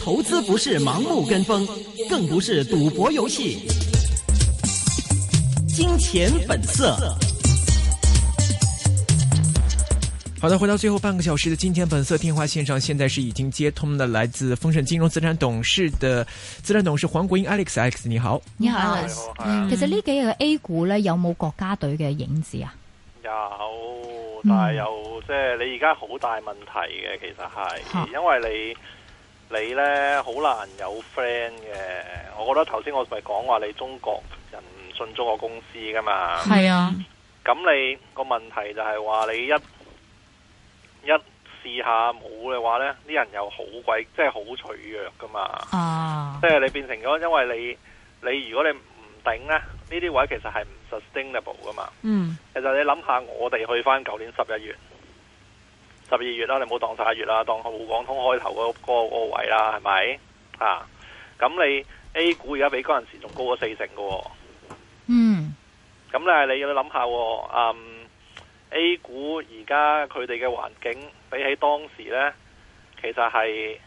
投資不是盲目跟風，更不是賭博遊戲。金錢本色。好的，回到最後半個小時的《金錢本色》電話線上，現在是已經接通的，來自豐盛金融資產董事的資產董事黃國英 Alex Alex，你好，你好，Alex，其實呢幾個 A 股呢有冇國家隊嘅影子啊？有。但係又即係你而家好大問題嘅，其實係，因為你你咧好難有 friend 嘅。我覺得頭先我咪講話你中國人唔信中國公司噶嘛。係啊。咁你個問題就係話你一一試下冇嘅話咧，啲人又好鬼，即係好脆弱噶嘛。啊。即係你變成咗，因為你你如果你唔頂咧，呢啲位其實係唔～sustainable 噶嘛？嗯，其實你諗下，我哋去翻舊年十一月、十二月啦，你唔好當十一月啦，當滬港通開頭個個位啦，係咪啊？咁你 A 股而家比嗰陣時仲高咗四成噶。嗯，咁咧你要諗下，嗯，A 股而家佢哋嘅環境比起當時咧，其實係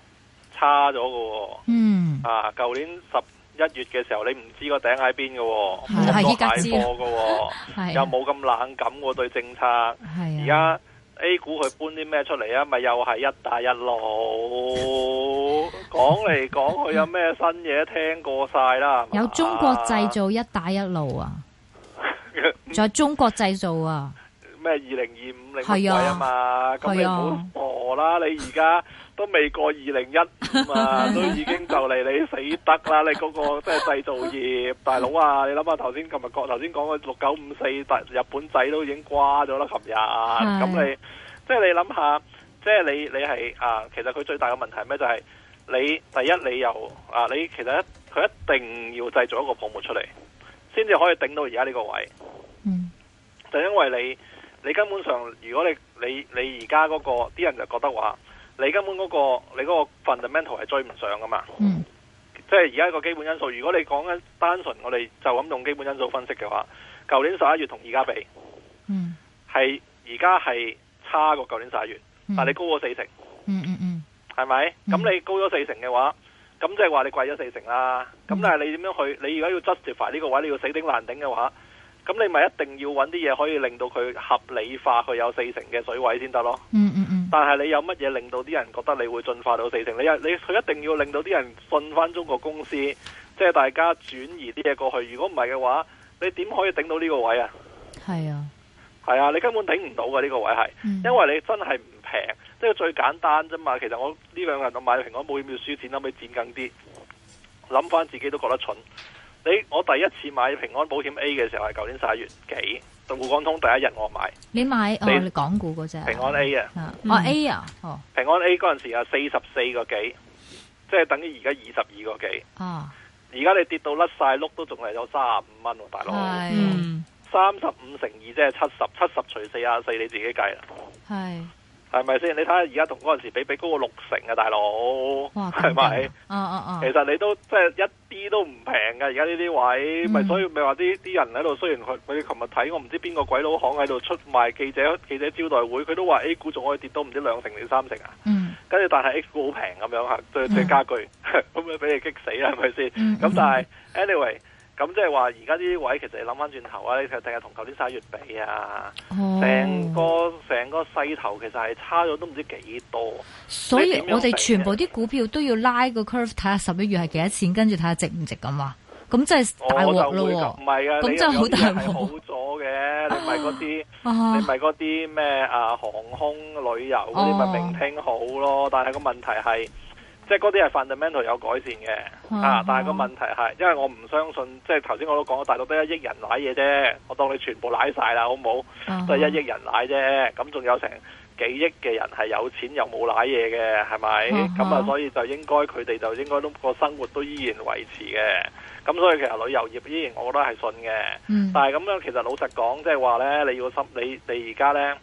差咗噶。哦。嗯，啊，舊年十。一月嘅時候你唔知個頂喺邊嘅，唔落大貨嘅，又冇咁冷感我、啊、對政策。而家是、啊、A 股佢搬啲咩出嚟啊？咪又係一帶一路，講嚟講去有咩新嘢聽過晒啦。有中國製造一帶一路啊，仲 有中國製造啊。咩？二零二五零乜啊嘛？咁、啊、你唔好傻啦！啊、你而家都未過二零一五啊， 都已經就嚟你死得啦！ 你嗰個即係製造業 大佬啊！你諗下頭先今日講頭先講嘅六九五四日本仔都已經瓜咗啦！琴日啊，咁是你即係、就是、你諗下，即、就、係、是、你你係啊？其實佢最大嘅問題咩、就是？就係你第一理由，你又啊，你其實一佢一定要製造一個泡沫出嚟，先至可以頂到而家呢個位。嗯，就因為你。你根本上，如果你你你而家嗰個啲人就覺得話，你根本嗰、嗰個你嗰個 fundamental 係追唔上㗎嘛？嗯、即係而家個基本因素，如果你講緊單純，我哋就咁用基本因素分析嘅話，舊年十一月同而家比，係而家係差過舊年十一月，嗯、但係你高咗四成，嗯嗯嗯，係咪？咁你高咗四成嘅話，咁即係話你貴咗四成啦。咁但係你點樣去？你而家要 justify 呢個位，你要死頂爛頂嘅話，咁你咪一定要揾啲嘢可以令到佢合理化，佢有四成嘅水位先得咯。嗯嗯嗯。嗯嗯但係你有乜嘢令到啲人覺得你會進化到四成？你你佢一定要令到啲人信翻中國公司，即係大家轉移啲嘢過去。如果唔係嘅話，你點可以頂到呢個位啊？係啊，係啊，你根本頂唔到嘅呢個位係，因為你真係唔平，即係最簡單啫嘛。其實我呢兩日我買蘋果冇要秒輸錢，可唔可以剪緊啲？諗翻自己都覺得蠢。你我第一次買平安保險 A 嘅時候係舊年十一月幾，到滬港通第一日我買。你買我講嗰隻平安 A 啊？我 A 啊？哦，平安 A 嗰陣時啊四十四個幾，即係等於而家二十二個幾。哦、啊，而家你跌到甩晒碌都仲係有三十五蚊，大佬。係的。三十五乘二即係七十七十除四廿四，你自己計啦。係。係咪先？你睇下而家同嗰陣時比，比高過六成啊，大佬，係咪？哦哦、其實你都即係一啲都唔平嘅，而家呢啲位，咪、嗯、所以咪話啲啲人喺度。雖然佢佢哋琴日睇，我唔知邊個鬼佬行喺度出賣記者，記者招待會，佢都話 A 股仲可以跌到唔知兩成定三成啊。跟住，嗯、但係 A 股好平咁樣吓，對對家具咁樣俾你激死啦，係咪先？咁、嗯、但係、嗯，anyway。咁即係話，而家啲位其實你諗翻轉頭啊，你睇下同舊年三月比啊，成、哦、個成個勢頭其實係差咗都唔知幾多。所以我哋全部啲股票都要拉個 curve 睇下十一月係幾多錢，跟住睇下值唔值咁啊，咁即係大鑊咯，唔係啊！咁真係好大鑊。係好咗嘅，你咪嗰啲，你咪嗰啲咩啊航空旅遊嗰啲咪明聽好咯。但係個問題係。即係嗰啲係 fundamental 有改善嘅，啊！啊但係個問題係，啊、因為我唔相信，即係頭先我都講，大陸得一億人奶嘢啫，我當你全部奶曬啦，好冇好？啊、都係一億人奶啫，咁仲有成幾億嘅人係有錢又冇奶嘢嘅，係咪？咁啊，啊所以就應該佢哋就應該都個生活都依然維持嘅。咁所以其實旅遊業依然我覺得係信嘅。嗯、但係咁樣其實老實講，即係話咧，你要心你你而家咧。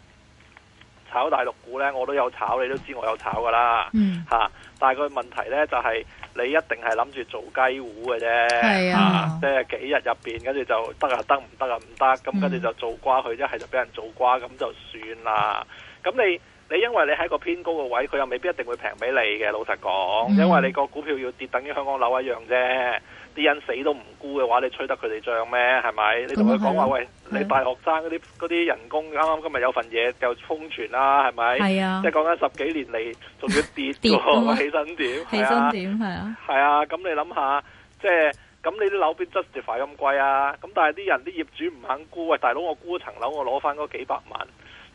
炒大陸股呢，我都有炒，你都知我有炒噶啦，嚇、嗯啊！但係個問題呢、就是，就係你一定係諗住做雞糊嘅啫，即係幾日入面，跟住就得啊，得唔得啊，唔、嗯、得，咁跟住就做瓜佢，一係就俾人做瓜，咁就算啦。咁你。你因為你喺個偏高嘅位，佢又未必一定會平俾你嘅。老實講，嗯、因為你個股票要跌，等於香港樓一樣啫。啲人死都唔沽嘅話，你吹得佢哋漲咩？係咪？你同佢講話喂，的你大學生嗰啲啲人工啱啱今日有份嘢就封存啦，係咪？係啊的，即係講緊十幾年嚟仲要跌喎，了起身點？起身點係啊？係啊的，咁的你諗下，即係咁你啲樓邊 justify 咁貴啊？咁但係啲人啲業主唔肯沽，喂，大佬我沽層樓，我攞翻嗰幾百萬。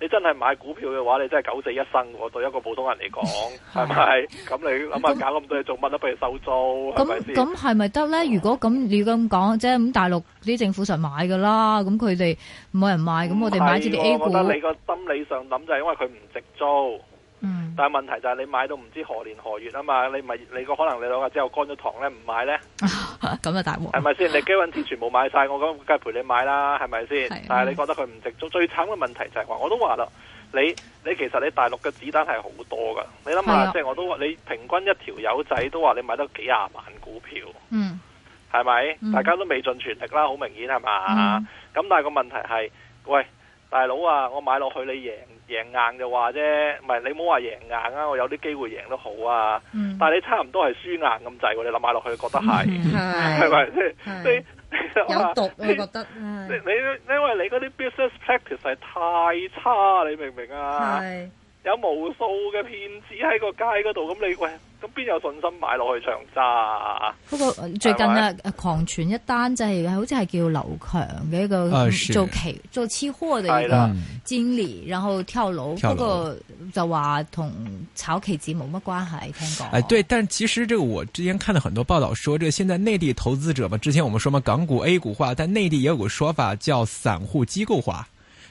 你真係買股票嘅話，你真係九死一生喎！對一個普通人嚟講，係咪？ 咁你諗下，搞咁多嘢 那做乜？都不如收租，係咪咁咁係咪得咧？如果咁你咁講，即係大陸啲政府實買㗎啦，咁佢哋冇人買，咁我哋買啲 A 股我。我覺得你個心理上諗就係因為佢唔值租。嗯。但係問題就係你買到唔知何年何月啊嘛？你咪你個可能你兩日之後乾咗糖咧，唔買咧。 咁啊大鑊，係咪先？你基穩錢全部買晒，我咁梗係陪你買啦，係咪先？的但係你覺得佢唔值得？最最慘嘅問題就係話，我都話啦，你你其實你大陸嘅子彈係好多噶，你諗下，即係的我都話你平均一條友仔都話你買得幾廿萬股票，係咪？大家都未盡全力啦，好明顯係嘛？咁、嗯、但係個問題係，喂。大佬啊，我買落去你贏贏硬就話啫，唔係你唔好話贏硬啊，我有啲機會贏得好啊，嗯、但係你差唔多係輸硬咁滯，你諗買落去覺得係，係咪先？有毒你、啊、 覺得？你因為是你嗰啲 business practice 係太差，你明唔明啊？有無數嘅騙子喺個街嗰度，咁你喂，咁邊有信心買落去長揸？不過最近啊，狂傳一單、就是，就係好似係叫劉強嘅一個做期、呃、做期貨嘅一個經理，嗯、然後跳樓。不過就話同炒期指冇乜關係，聽講。誒、呃，對，但其實這個我之前看了很多報道，說這個、現在內地投資者嘛，之前我們說嘛，港股 A 股化，但內地也有個說法叫散戶機構化。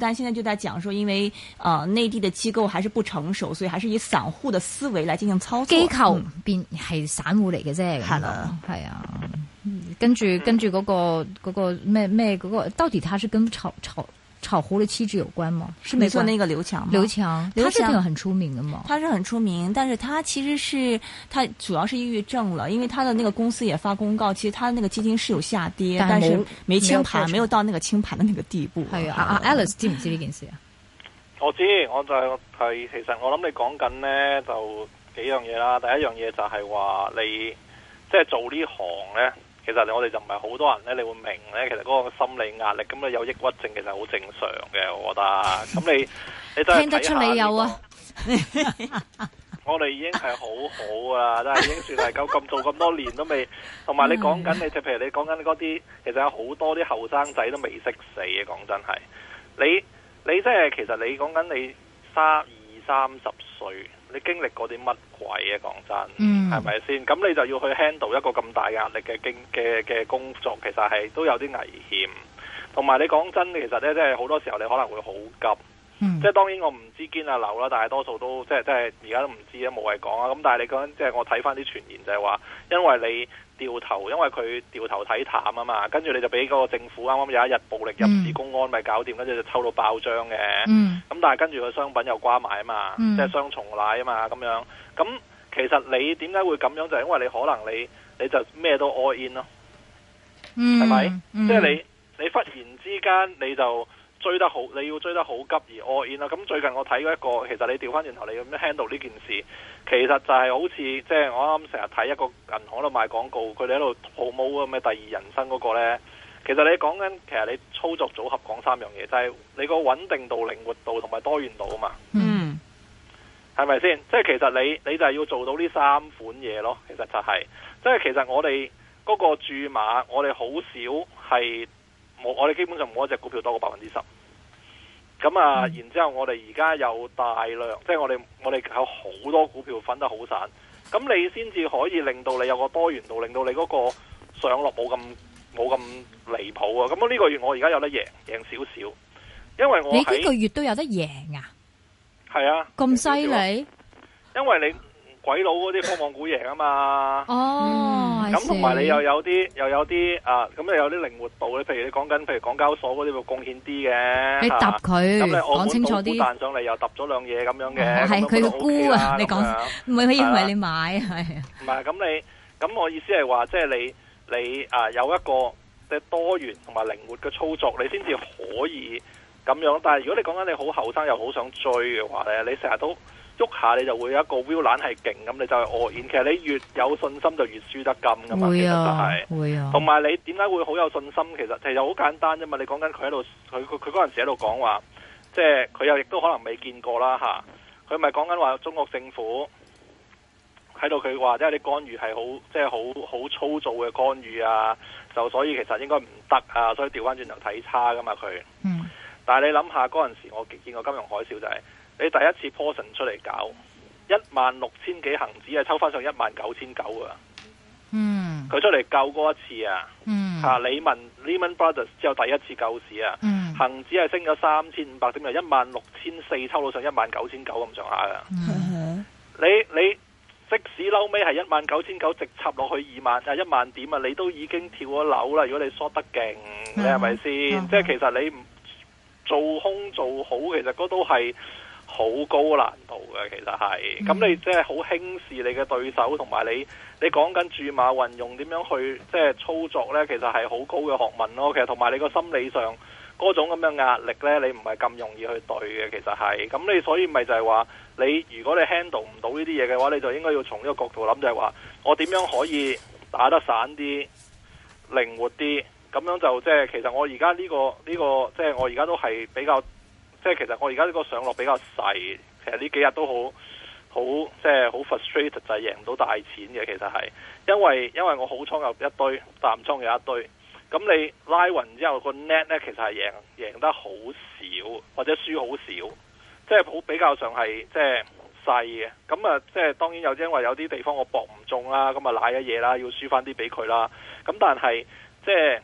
但現在就在講說，因為，呃，內地的機構還是不成熟，所以還是以散戶的思維來進行操作。機構變係、嗯、散戶嚟嘅啫，係咯的，係啊的。跟住跟住嗰個嗰個咩咩嗰個，到底他是跟炒炒？炒狐的氣質有關嗎？是美國那個劉強？劉強，劉強他是有很出名的嗎？他是很出名，但是他其實是，他主要是抑鬱症了，因為他的那個公司也發公告，其實他的那個基金是有下跌，但是，但是沒清盤，沒有，沒有到那個清盤的那個地步。係啊，啊 Alice 知唔知呢件事啊？我知、嗯，我就係其實我諗你講緊呢就幾樣嘢啦，第一樣嘢就係話你即係做呢行呢其實我哋就唔係好多人咧，你會明咧。其實嗰個心理壓力咁啊，有抑鬱症其實好正常嘅，我覺得。咁你，你真係睇下，我哋已經係好好啊，真係 已經算係夠咁做咁多年都未。同埋你講緊你，嗯、譬如你講緊嗰啲，其實有好多啲後生仔都未識死嘅，講真係。你你即係其實你講緊你三。三十歲，你經歷過啲乜鬼啊？講真，係咪先？咁你就要去 handle 一個咁大壓力嘅經嘅嘅工作，其實係都有啲危險。同埋你講真，其實咧，即係好多時候你可能會好急。即係、mm。當然我唔知堅啊流啦，但係多數都即係即係而家都唔知啊，冇謂講啊。咁但係你講即係我睇翻啲傳言就係話，因為你。掉頭，因為佢掉頭睇淡啊嘛，跟住你就俾嗰個政府啱啱有一日暴力入市，公安咪搞掂，跟住、嗯、就抽到爆張嘅。咁、嗯、但係跟住個商品又瓜埋啊嘛，即係、嗯、雙重奶啊嘛咁樣。咁其實你點解會咁樣？就係、是、因為你可能你你就咩都 all in 咯，係咪、嗯？即係、嗯、你你忽然之間你就。追得好，你要追得好急而我，然後咁最近我睇過一個，其實你調翻轉頭，你咁樣 handle 呢件事，其實就係好似即係我啱啱成日睇一個銀行度賣廣告，佢哋喺度 promo 咁嘅第二人生嗰個呢，其實你講緊其實你操作組合講三樣嘢，就係、是、你個穩定度、靈活度同埋多元度啊嘛，嗯，係咪先？即係其實你你就係要做到呢三款嘢咯，其實就係、是，即係其實我哋嗰個注碼，我哋好少係。我我哋基本上冇一隻股票多過百分之十，咁啊，嗯、然之後我哋而家有大量，即係我哋我哋有好多股票分得好散，咁你先至可以令到你有個多元度，令到你嗰個上落冇咁冇咁離譜啊！咁我呢個月我而家有得贏，贏少少，因為我你呢個月都有得贏啊，係啊，咁犀利，因為你。鬼佬嗰啲科網股贏啊嘛，哦，咁同埋你又有啲又有啲啊，咁又有啲靈活度，你譬如你講緊，譬如港交所嗰啲會貢獻啲嘅，你揼佢，咁你講清楚啲。咁我彈上嚟，又揼咗兩嘢咁樣嘅，係佢沽啊，你講唔可以認為你買。唔係咁你，咁我意思係話，即係你你啊有一個嘅多元同埋靈活嘅操作，你先至可以咁樣。但係如果你講緊你好後生又好想追嘅話咧，你成日都。喐下你就會有一個 view 懶係勁咁，你就係愕然。其實你越有信心就越輸得金噶嘛，啊、其實就係、是。同埋、啊、你點解會好有信心？其實其實好簡單啫嘛。你講緊佢喺度，佢佢嗰時喺度講話，即係佢又亦都可能未見過啦吓，佢咪講緊話中國政府喺度，佢話即係啲干預係好，即係好好粗糙嘅干預啊。就所以其實應該唔得啊，所以調翻轉頭睇差噶嘛佢。嗯、但係你諗下嗰時，我見過金融海嘯就係、是。你第一次 portion 出嚟搞，一萬六千幾恆指係抽翻上一萬九千九啊！嗯、mm，佢、hmm. 出嚟救過一次啊，嚇李文 Lehman Brothers 之後第一次救市啊，mm hmm. 恆指係升咗三千五百點，由一萬六千四抽到上一萬九千九咁上下啊！Mm hmm. 你你即使嬲尾係一萬九千九直插落去二萬，一萬點啊，你都已經跳咗樓啦！如果你 short 得勁，mm hmm. 你係咪先？Mm hmm. 即係其實你唔做空做好，其實嗰都係。好高難度嘅，其實係，咁你即係好輕視你嘅對手同埋你，你講緊注碼運用點樣去即係、就是、操作咧，其實係好高嘅學問咯。其實同埋你個心理上嗰種咁樣壓力咧，你唔係咁容易去對嘅。其實係，咁你，所以咪就係話，你，如果你 handle 唔到呢啲嘢嘅話，你就應該要從呢個角度諗，就係話我點樣可以打得散啲、靈活啲，咁樣就即、就、係、是、其實我而家呢個呢、這個即係、就是、我而家都係比較。即係其實我而家呢個上落比較細，其實呢幾日都好好即係好 frustrated，就係、是、贏到大錢嘅。其實係因為因為我好倉有一堆，淡倉有一堆，咁你拉匀之後、那個 net 咧，其實係贏贏得好少，或者輸好少，即係好比較上係即係細嘅。咁啊，即係當然有，因為有啲地方我搏唔中啦，咁啊瀨一嘢啦，要輸翻啲俾佢啦。咁但係即係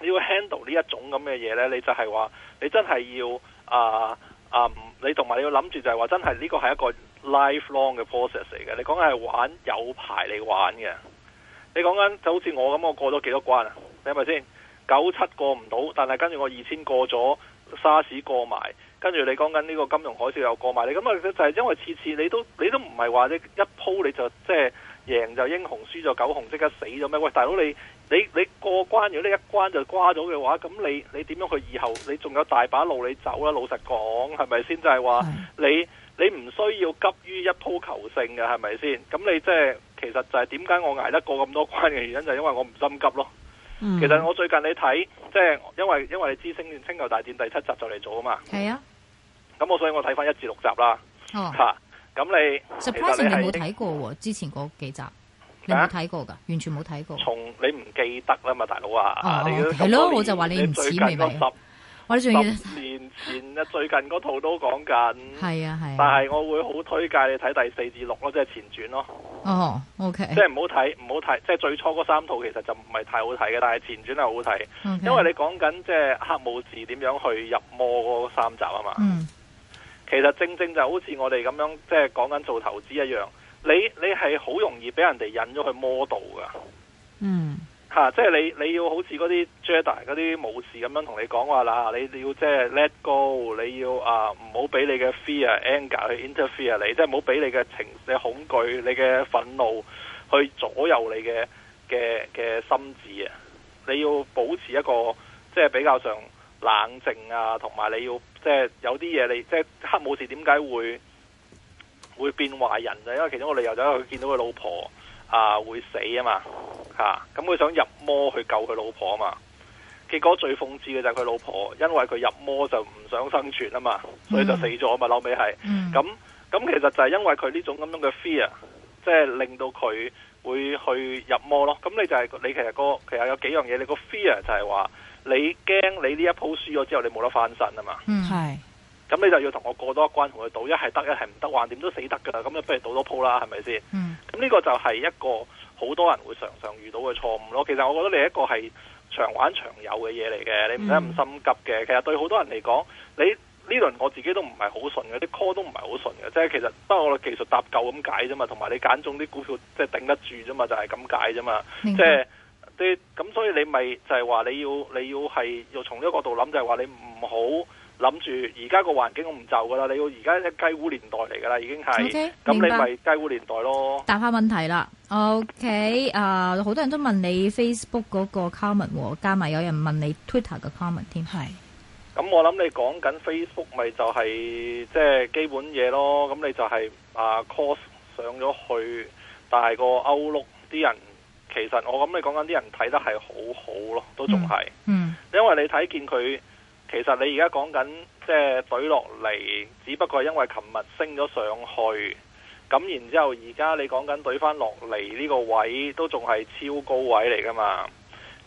你要 handle 呢一種咁嘅嘢咧，你就係話你真係要。啊啊！你同埋你要諗住就係話真係呢個係一個 lifelong 嘅 process 嚟嘅。你講緊係玩有排嚟玩嘅，你講緊就好似我咁，我過咗幾多關啊？你係咪先？九七過唔到，但係跟住我二千過咗沙士過埋，跟住你講緊呢個金融海嘯又過埋。你咁啊，就係因為次次你都你都唔係話你一鋪你就即係。就是贏就英雄，輸就狗熊，即刻死咗咩？喂，大佬你你你過關，如果呢一關就瓜咗嘅話，咁你你點樣去以後？你仲有大把路你走啦。老實講，係咪先？就係、是、話你你唔需要急於一鋪求勝嘅，係咪先？咁你即係其實就係點解我捱得過咁多關嘅原因，就是、因為我唔心急咯。嗯、其實我最近你睇，即係因為因為《因為你知星星球大戰》第七集就嚟做啊嘛。係是啊。咁我所以我睇翻一至六集啦。吓。哦咁你 surprising 你冇睇過喎，之前嗰幾集你冇睇過噶，完全冇睇過。從你唔記得啦嘛，大佬啊！哦，係咯，我就話你唔記得咯。我哋仲要年前咧，最近嗰套都講緊。係啊係。但係我會好推介你睇第四至六咯，即係前傳咯。哦，OK。即係唔好睇，唔好睇，即係最初嗰三套其實就唔係太好睇嘅，但係前傳係好睇。因為你講緊即係黑武士點樣去入魔嗰三集啊嘛。嗯。其實正正就好似我哋咁樣，即係講緊做投資一樣，你你係好容易俾人哋引咗去魔道噶，嗯，吓、啊，即係你你要好似嗰啲 Jedi 嗰啲武士咁樣同你講話啦，你你要即係 let go，你要啊唔好俾你嘅 fear、anger 去 interfere 你，即係唔好俾你嘅情、你恐懼、你嘅憤怒去左右你嘅嘅嘅心智啊，你要保持一個即係比較上。冷靜啊，同埋你要即係、就是、有啲嘢你即係、就是、黑武士點解會會變壞人，就因為其中一個理由就係佢見到佢老婆啊會死啊嘛吓，咁、啊、佢、嗯嗯嗯嗯、想入魔去救佢老婆啊嘛，結果最諷刺嘅就係佢老婆因為佢入魔就唔想生存啊嘛，所以就死咗啊嘛，老尾係咁咁其實就係因為佢呢種咁樣嘅 fear，即係令到佢會去入魔咯，咁你就係、是、你其實個其實有幾樣嘢你個 fear 就係話。你驚你呢一鋪輸咗之後你冇得翻身啊嘛，係嘛嗯，係，咁你就要同我過多一關同佢賭，一係得一係唔得，話點都死得噶啦，咁不如賭多鋪啦，係咪先？嗯，咁呢個就係一個好多人會常常遇到嘅錯誤咯。其實我覺得你一個係長玩長有嘅嘢嚟嘅，你唔使咁心急嘅。嗯、其實對好多人嚟講，你呢輪我自己都唔係好順嘅，啲 call 都唔係好順嘅，即係其實不過我技術搭夠咁解啫嘛，同埋你揀中啲股票即係頂得住啫嘛，就係咁解啫嘛，嗯、即啲咁所以你咪就係話你要你要係要從呢個角度諗就係、是、話你唔好諗住而家個環境唔就噶啦，你要而家係雞糊年代嚟噶啦，已經係，咁你咪雞糊年代咯。答下問題啦，OK，啊、呃、好多人都問你 Facebook 嗰個 comment，加埋有人問你 Twitter 個 comment 添是，係、就是。咁我諗你講緊 Facebook 咪就係即係基本嘢咯，咁你就係、是、啊 cost 上咗去，但係個歐陸啲人。其實我諗你講緊啲人睇得係好好咯，都仲係，mm hmm. 因為你睇見佢其實你而家講緊即係懟落嚟，只不過係因為琴日升咗上去，咁然之後而家你講緊懟翻落嚟呢個位都仲係超高位嚟噶嘛？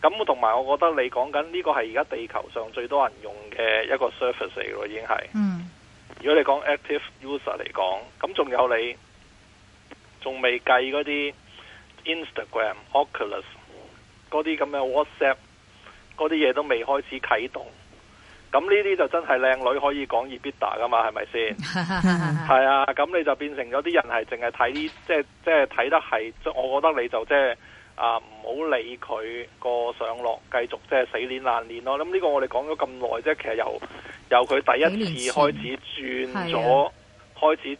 咁同埋我覺得你講緊呢個係而家地球上最多人用嘅一個 surface 囉，已經係。嗯、mm。Hmm. 如果你講 active user 嚟講，咁仲有你仲未計嗰啲。Instagram、Oculus 嗰啲咁嘅 WhatsApp 嗰啲嘢都未開始啟動，咁呢啲就真係靚女可以講 EBITA 㗎嘛？係咪先？係 啊，咁你就變成咗啲人係淨係睇啲，即係即係睇得係，我覺得你就即係啊，唔、呃、好理佢個上落，繼續即係死練爛練咯。咁呢個我哋講咗咁耐即係，其實由由佢第一次開始轉咗，開始。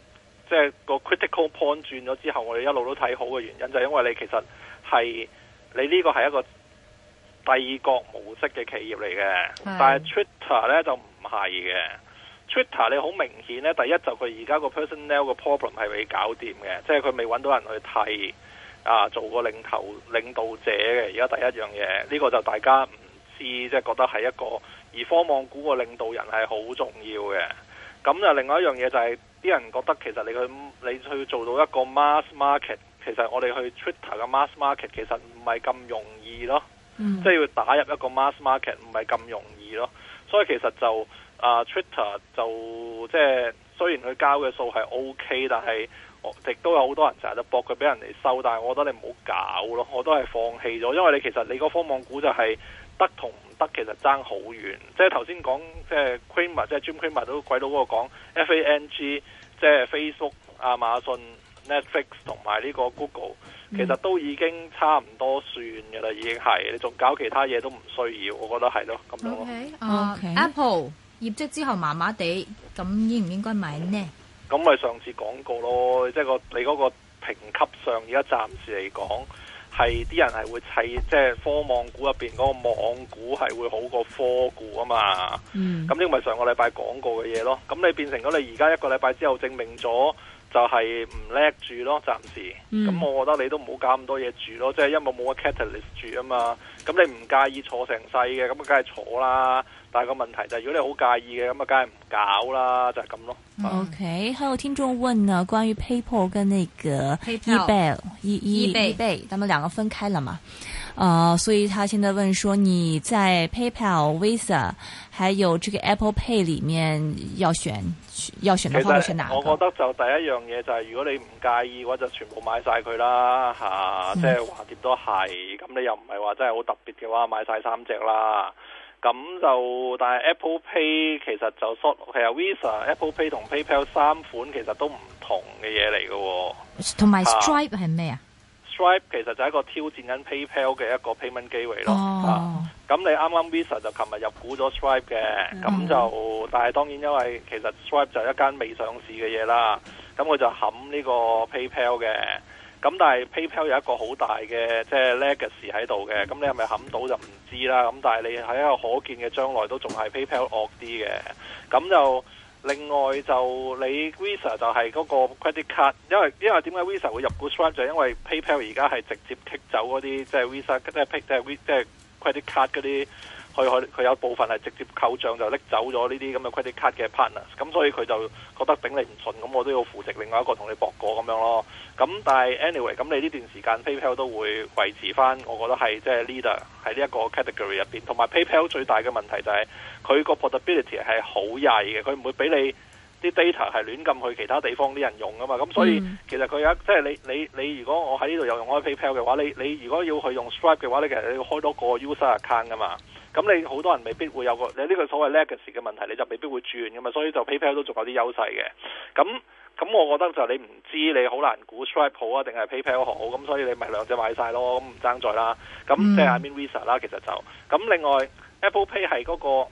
即係個 critical point 轉咗之後，我哋一路都睇好嘅原因，就係因為你其實係你呢個係一個帝國模式嘅企業嚟嘅，是的但係 Twitter 咧就唔係嘅。Twitter 你好明顯咧，第一就佢而家個 personnel 個 problem 係未搞掂嘅，即係佢未揾到人去替啊做個領頭領導者嘅。而家第一樣嘢，呢、這個就大家唔知，即、就、係、是、覺得係一個而科網股個領導人係好重要嘅。咁就另外一樣嘢就係、是。啲人覺得其實你去你去做到一個 mass market，其實我哋去 Twitter 嘅 mass market 其實唔係咁容易咯，嗯、即係要打入一個 mass market 唔係咁容易咯。所以其實就啊 Twitter 就即係雖然佢交嘅數係 OK，但係我亦都有好多人成日就搏佢俾人哋收，但係我覺得你唔好搞咯，我都係放棄咗，因為你其實你嗰科網股就係得同。得其實爭好遠，即係頭先講即係 Cramer，即係 Jim Cramer 都鬼佬嗰個講、mm. FANG，即係 Facebook、亞馬遜、Netflix 同埋呢個 Google，其實都已經差唔多算嘅啦，已經係你仲搞其他嘢都唔需要，我覺得係咯，咁樣咯。Apple 業績之後麻麻地，咁應唔應該買呢？咁咪、嗯、上次講過咯，即係個你嗰個評級上而家暫時嚟講，係啲人係會砌，即係科網股入邊嗰個網股係會好過科股啊嘛。咁呢個咪上個禮拜講過嘅嘢咯。咁你變成咗你而家一個禮拜之後證明咗就係唔叻住咯，暫時、嗯。咁我覺得你都唔好搞咁多嘢住咯，即係因為冇個 catalyst 住啊嘛。咁你唔介意坐成世嘅，咁啊梗係坐啦。但係個問題就係如果你好介意嘅咁啊，梗係唔搞啦，就係咁咯。OK、嗯、還有聽眾問呢，關於 PayPal 跟那個、e、ail, PayPal、eE、e, e, e b a y eBay, 他們兩個分開了嘛？啊、呃，所以他現在問說，你在 PayPal、Visa 還有這個 Apple Pay 裏面要選，選要選的話，其實 你選哪個？我覺得就第一樣嘢就係如果你唔介意嘅話，就全部買晒佢啦吓，啊嗯、即係話掂都係。咁你又唔係話真係好特別嘅話，買晒三隻啦。咁就，但係 Apple Pay 其實就 sort，其實 Visa、Apple Pay 同 PayPal 三款其實都唔同嘅嘢嚟嘅，同埋 Stripe 係咩啊？Stripe 其實就係一個挑戰緊 PayPal 嘅一個 payment 機會咯。咁你啱啱 Visa 就琴日入股咗 Stripe 嘅，咁就，但係當然因為其實 Stripe 就係一間未上市嘅嘢啦，咁我就冚呢個 PayPal 嘅。咁但係 PayPal 有一個好大嘅即係 legacy 喺度嘅，咁、就是、你係咪冚到就唔知啦。咁但係你喺一個可見嘅將來都仲係 PayPal 惡啲嘅。咁就另外就你 Visa 就係嗰個 credit card，因為因為點解 Visa 會入股 short 就係因為 PayPal 而家係直接 kick 走嗰啲即係、就是、Visa 即係 pick 即係即係 credit card 嗰啲。佢佢有部分係直接扣賬就拎走咗呢啲咁嘅 credit card 嘅 partners，咁所以佢就覺得頂你唔順，咁我都要扶植另外一個同你搏過咁樣咯。咁但係 anyway，咁你呢段時間 PayPal 都會維持翻，我覺得係即係 leader 喺呢一個 category 入邊。同埋 PayPal 最大嘅問題就係佢個 portability 係好曳嘅，佢唔會俾你啲 data 係亂撳去其他地方啲人用㗎嘛。咁所以其實佢有，嗯、即係你你你如果我喺呢度有用開 PayPal 嘅話，你你如果要去用 Stripe 嘅話，你其實你要開多個 user account 噶嘛。咁你好多人未必會有個，你呢個所謂 legacy 嘅問題，你就未必會轉噶嘛，所以就 PayPal 都仲有啲優勢嘅。咁咁我覺得就你唔知你好難估 Stripe 好啊定係 PayPal 好，咁所以你咪兩隻買晒咯，咁唔爭在啦。咁、嗯、即係 I mean Visa 啦，其實就咁。另外 Apple Pay 係嗰、嗰個。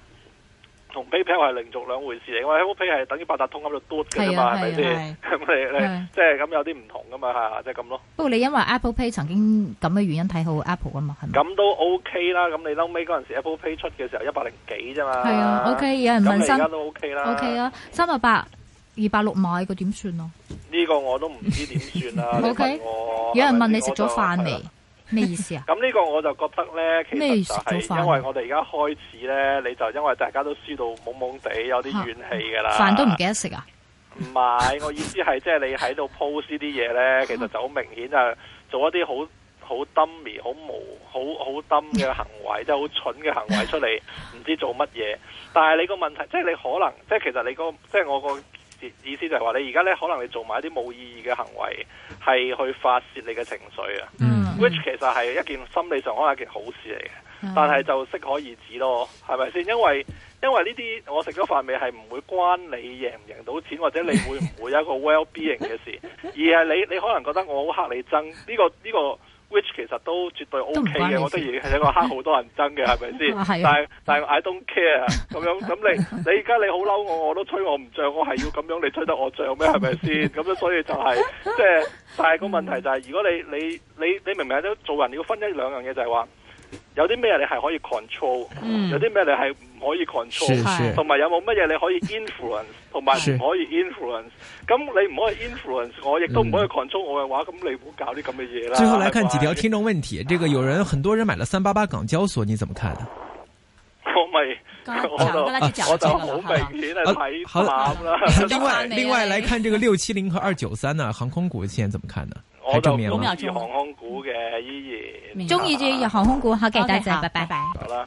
同 PayPal 係連續兩回事嚟，因為 Apple Pay 係等於八達通咁嘅嘟嘅嘛，係咪先？咁你你即係咁有啲唔同噶嘛嚇，即係咁咯。不過你因為 Apple Pay 曾經咁嘅原因睇好 Apple 啊嘛，係咪？咁都 OK 啦。咁你嬲尾嗰陣時 Apple Pay 出嘅時候一百零幾啫嘛。係啊，OK。有人問新，咁而家都 OK 啦。OK 啊，三百八二百六買個點算啊？呢個我都唔知點算啦。OK，有人問你食咗飯未？咩意思啊？咁呢 個我就覺得咧，其實就係因為我哋而家開始咧，你就因為大家都輸到懵懵地，有啲怨氣噶啦，飯都唔記得食啊？唔 係，我意思係即係你喺度 post 啲嘢咧，其實就好明顯就做一啲好好 dummy、好冇、好好 dummy 嘅行為，即係好蠢嘅行為出嚟，唔知做乜嘢。但係你個問題，即係你可能，即係其實你個，即係我個。意思就係話你而家呢，可能你做埋一啲冇意義嘅行為，係去發泄你嘅情緒啊。嗯、mm hmm.，which 其實係一件心理上可能係一件好事嚟嘅，mm hmm. 但係就適可而止咯，係咪先？因為因為呢啲我食咗飯未，係唔會關你贏唔贏到錢，或者你會唔會有一個 well being 嘅事， 而係你你可能覺得我好黑你憎。呢個呢個。這個 Which 其實都絕對 OK 嘅，係我當然一個黑好多人憎嘅，係咪先？但係但係 I don't care 啊！ 咁樣咁你你而家你好嬲我，我都吹我唔漲，我係要咁樣你吹得我漲咩？係咪先？咁 樣所以就係即係，但係個問題就係、是，如果你你你你明明都做人，你要分一兩樣嘢就係話，有啲咩你係可以 control，、嗯、有啲咩你係。可以 control，同埋有冇乜嘢你可以 influence，同埋唔可以 influence。咁你唔可以 influence 我，亦都唔可以 control 我嘅話，咁你唔好搞啲咁嘅嘢啦。最後嚟看幾條聽眾問題，這個有人很多人買了三八八港交所，你怎麼看？我咪，我就好明顯係睇好啦。另外另外來看這個六七零和二九三啊，航空股現在怎麼看呢？我就中意航空股嘅依然。中意住航空股，好嘅，多謝，拜拜，好